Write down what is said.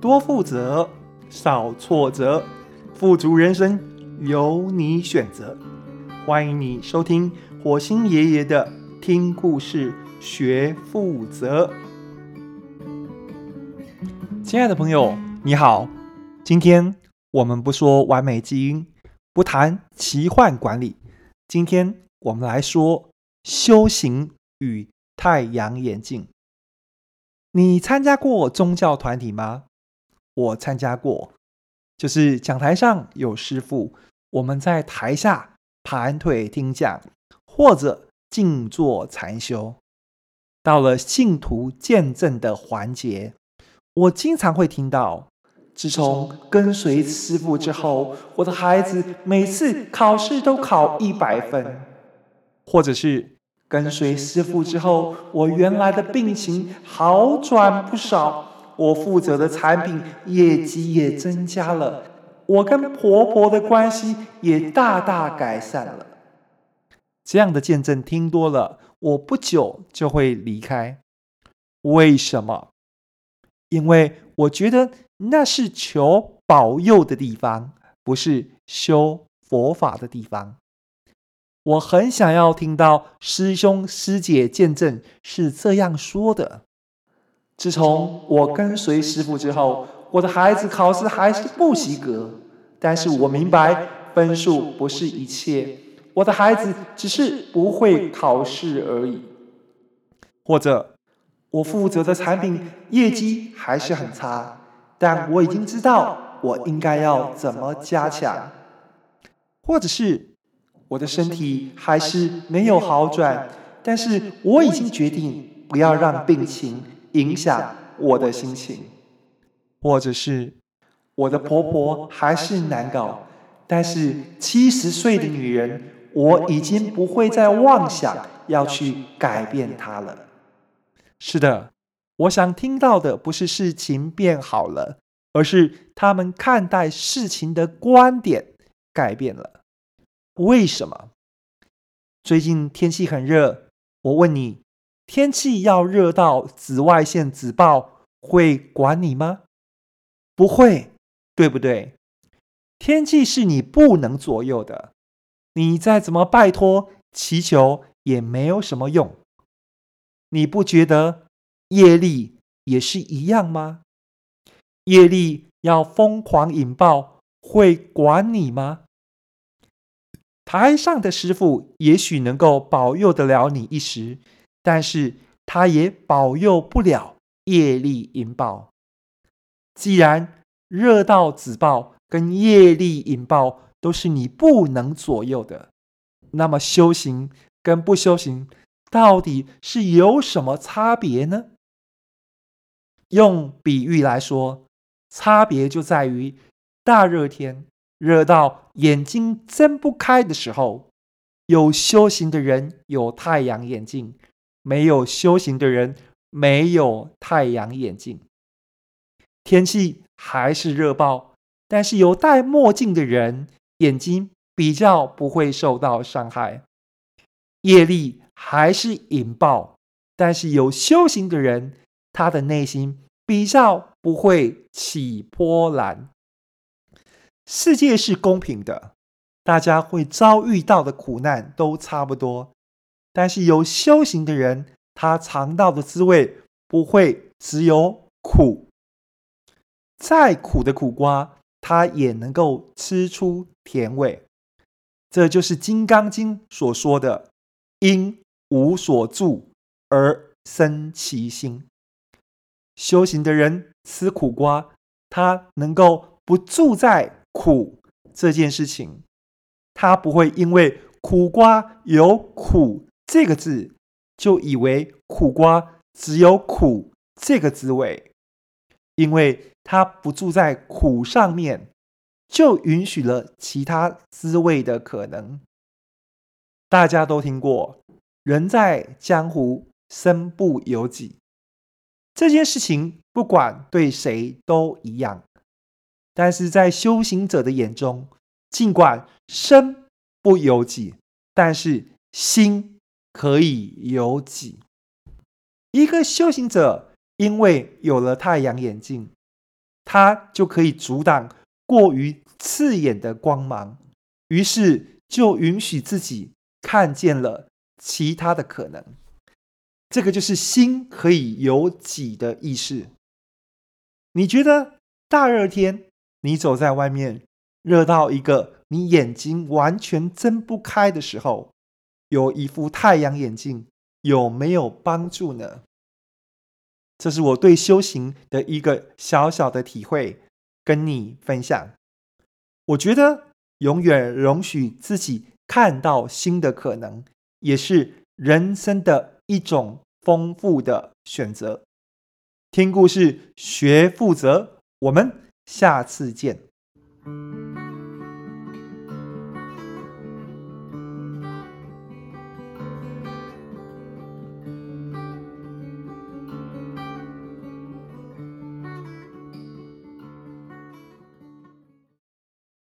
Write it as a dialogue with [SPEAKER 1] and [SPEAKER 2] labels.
[SPEAKER 1] 多富擇，少挫折，富足人生由你選擇。歡迎你收聽火星爺爺的聽故事學富擇。親愛的朋友，你好。今天我們不說完美基因，不談奇幻管理，今天我們來說修行與太陽眼鏡。你參加過宗教團體嗎？我參加過，就是講台上有師父，我們在台下盤腿聽講，或者靜坐禪修。到了信徒見證的環節，我經常會聽到：自從跟隨師父之後，我的孩子每次考試都考一百分，或者是跟隨師父之後，我原來的病情好轉不少。我負，我，婆婆大大，我負責的產品業績也增加了，我跟婆婆的關係也大大改善了。這樣的見證聽多了，我不久就會離開。為什麼？因為我覺得那是求保佑的地方，不是修佛法的地方。我很想要聽到師兄師姐見證是這樣說的。自從我跟隨師父之後，我的孩子考試還是不及格，但是我明白分數不是一切，我的孩子只是不會考試而已。或者，我負責的產品業績還是很差，但我已經知道我應該要怎麼加強。或者是，我的身體還是沒有好轉，但是我已經決定不要讓病情。影響我的心情，或者是我的婆婆還是難搞。但是七十歲的女人，我已經不會再妄想要去改變她了。是的，我想聽到的不是事情變好了，而是他們看待事情的觀點改變了。為什麼？最近天氣很熱，我問你。天氣要熱到紫外線紫爆，會管你嗎？不會，對不對？天氣是你不能左右的，你再怎麼拜託、祈求也沒有什麼用。你不覺得業力也是一樣嗎？業力要瘋狂引爆，會管你嗎？台上的師父也許能夠保佑得了你一時。但是，他也保佑不了業力引爆。既然熱到自爆跟業力引爆都是你不能左右的，那麼修行跟不修行到底是有什麼差別呢？用比喻來說，差別就在於大熱天熱到眼睛睜不開的時候，有修行的人有太陽眼鏡。沒有修行的人，沒有太陽眼鏡，天氣還是熱爆；但是有戴墨鏡的人，眼睛比較不會受到傷害。業力還是引爆，但是有修行的人，他的內心比較不會起波瀾。世界是公平的，大家會遭遇到的苦難都差不多。但是有修行的人，他嘗到的滋味不會只有苦。再苦的苦瓜，他也能夠吃出甜味。這就是《金剛經》所說的“應無所住而生其心”。修行的人吃苦瓜，他能夠不住在苦這件事情，他不會因為苦瓜有苦。這個字就以為苦瓜只有苦這個滋味，因為它不住在苦上面，就允許了其他滋味的可能。大家都聽過“人在江湖，身不由己”這件事情，不管對誰都一樣。但是在修行者的眼中，儘管身不由己，但是心。可以由己。一個修行者，因為有了太陽眼鏡，他就可以阻擋過於刺眼的光芒，於是就允許自己看見了其他的可能。這個就是心可以由己的意思。你覺得大熱天，你走在外面，熱到一個你眼睛完全睜不開的時候。有一副太陽眼鏡有沒有幫助呢？這是我對修行的一個小小的體會，跟你分享。我覺得永遠容許自己看到新的可能，也是人生的一種豐富的選擇。聽故事，學富擇，我們下次見。